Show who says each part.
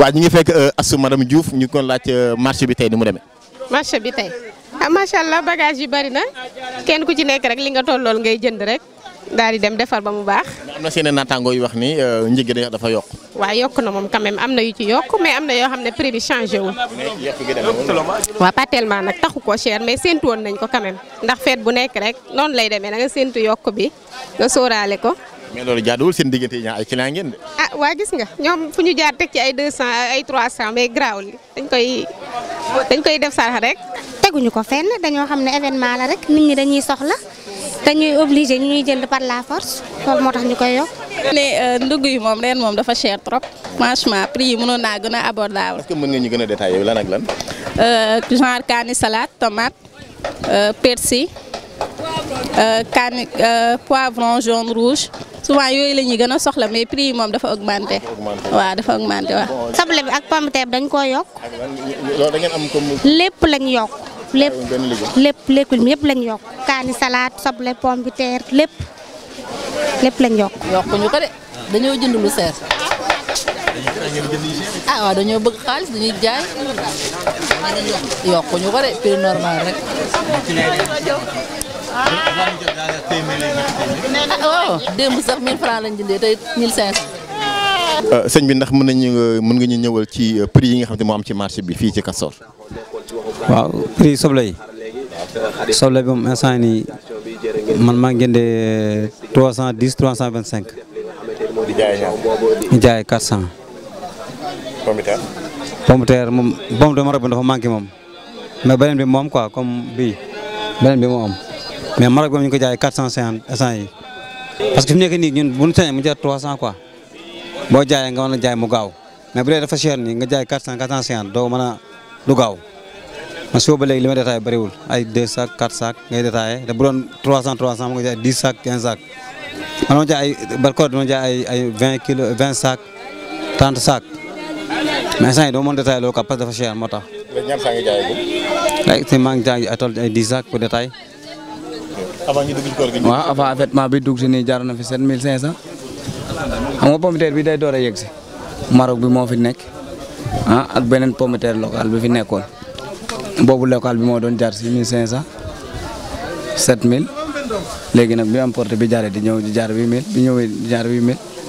Speaker 1: waaw ñu ngi fekk euh, asu madame Diouf ñu kon laaj euh, marché bi tey ni mu deme
Speaker 2: marché bi tey ah macha allah bagage yi bari na kenn ku ci nekk rek li nga tollool ngay jënd rek daal di dem defar ba mu baax.
Speaker 1: am na seen naataangoo yu wax ni euh, njëg gi dafa yokk.
Speaker 2: waaw yokk na moom quand am na yu ci yokk mais am na yoo xam ne prix bi changé wu. waaw pas tellement nag taxu ko cher mais séntu woon nañ ko quand ndax feet bu nekk rek noonu lay demee na nga yokk bi nga ko.
Speaker 1: mais loolu jaaduwul seen diggante yi ñaa ay client ngeen de.
Speaker 2: ah waa gis nga ñoom fu ñu jaar teg ci ay 200 ay 300 mais garaawul dañ koy dañ koy def sarax rek. teguñu ko fenn dañoo xam ne événement la rek nit ñi dañuy soxla dañuy obligé ñu ñuy jënd par la force moo tax ñu koy yokk. ne euh, ndugg yi moom ren moom dafa cher trop franchement prix yi mënoon naa gën a abordable. est-ce
Speaker 1: que mën nga ñu gën a détaillé lan ak lan.
Speaker 2: Euh, genre kaani salade tomate euh, persil kaani poivron jaune rouge. souvent yooyu la ñuy gën a soxla mais prix yi moom dafa augmenté. waaw dafa augmenté waaw. soble bi ak pomme de terre dañ koo yokk.
Speaker 1: loolu da ngeen am comme.
Speaker 2: lépp lañ yokk. lépp lépp lépp yëpp lañ yokk. kaani salade soble pomme de terre lépp lépp lañ yokk. yokkuñu ko de dañoo jënd lu seer. ah waaw dañoo bëgg xaalis dañuy jaay yokkuñu ko de prix normal rek. waaw oh,
Speaker 1: euh, bi ndax mën nañu euh, mën nga ñu ñëwal ci euh, prix yi nga xam ne moo am ci marché
Speaker 3: bi fii ci Castor. waaw prix soble soble bi moom instant nii man maa ngi jëndee 310 325. di jaay ñaar di jaay 400. pomme de terre. pomme moom pomme de bi dafa manqué moom mais beneen bi moom quoi comme bii beneen bi moo mais Maroc boobu ñu ko jaayee quatre cent cinquante instant yi parce que fi mu nekk nii ñun bu ñu sañee mu jar a jaay mu gaaw bu dafa cher nii nga jaay quatre cent quatre cent cinquante doo mën a du gaaw man suba ba léegi li ay deux sacs quatre sacs ngay détaillé te bu trois cent trois cent mu nga jaay dix sacs quinze sacs man ma jaay ay barkoor kilos vingt sacs trente sacs mais instant yii doo mën a détaillé loolu quoi parce que dafa cher moo ta
Speaker 1: léegi ñaar saa ngi jaayee
Speaker 3: ba. jaay ay tool ay dix sacs pour détaillé. avant ñu dugg ci koor gi. waaw avant avètement bi dugg si nii jaar na fi 7500 xam nga pomiteer bi day door a yegg si Maroc bi moo fi nekk ah ak beneen pomiteer local bi fi nekkoon boobu local bi moo doon jaar si 1500 7000 léegi nag bi am porte bi jaaree di ñëw di jaar 8000 bi ñëwee di jaar 8000.